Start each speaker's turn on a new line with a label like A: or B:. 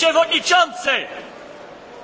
A: przewodniczący!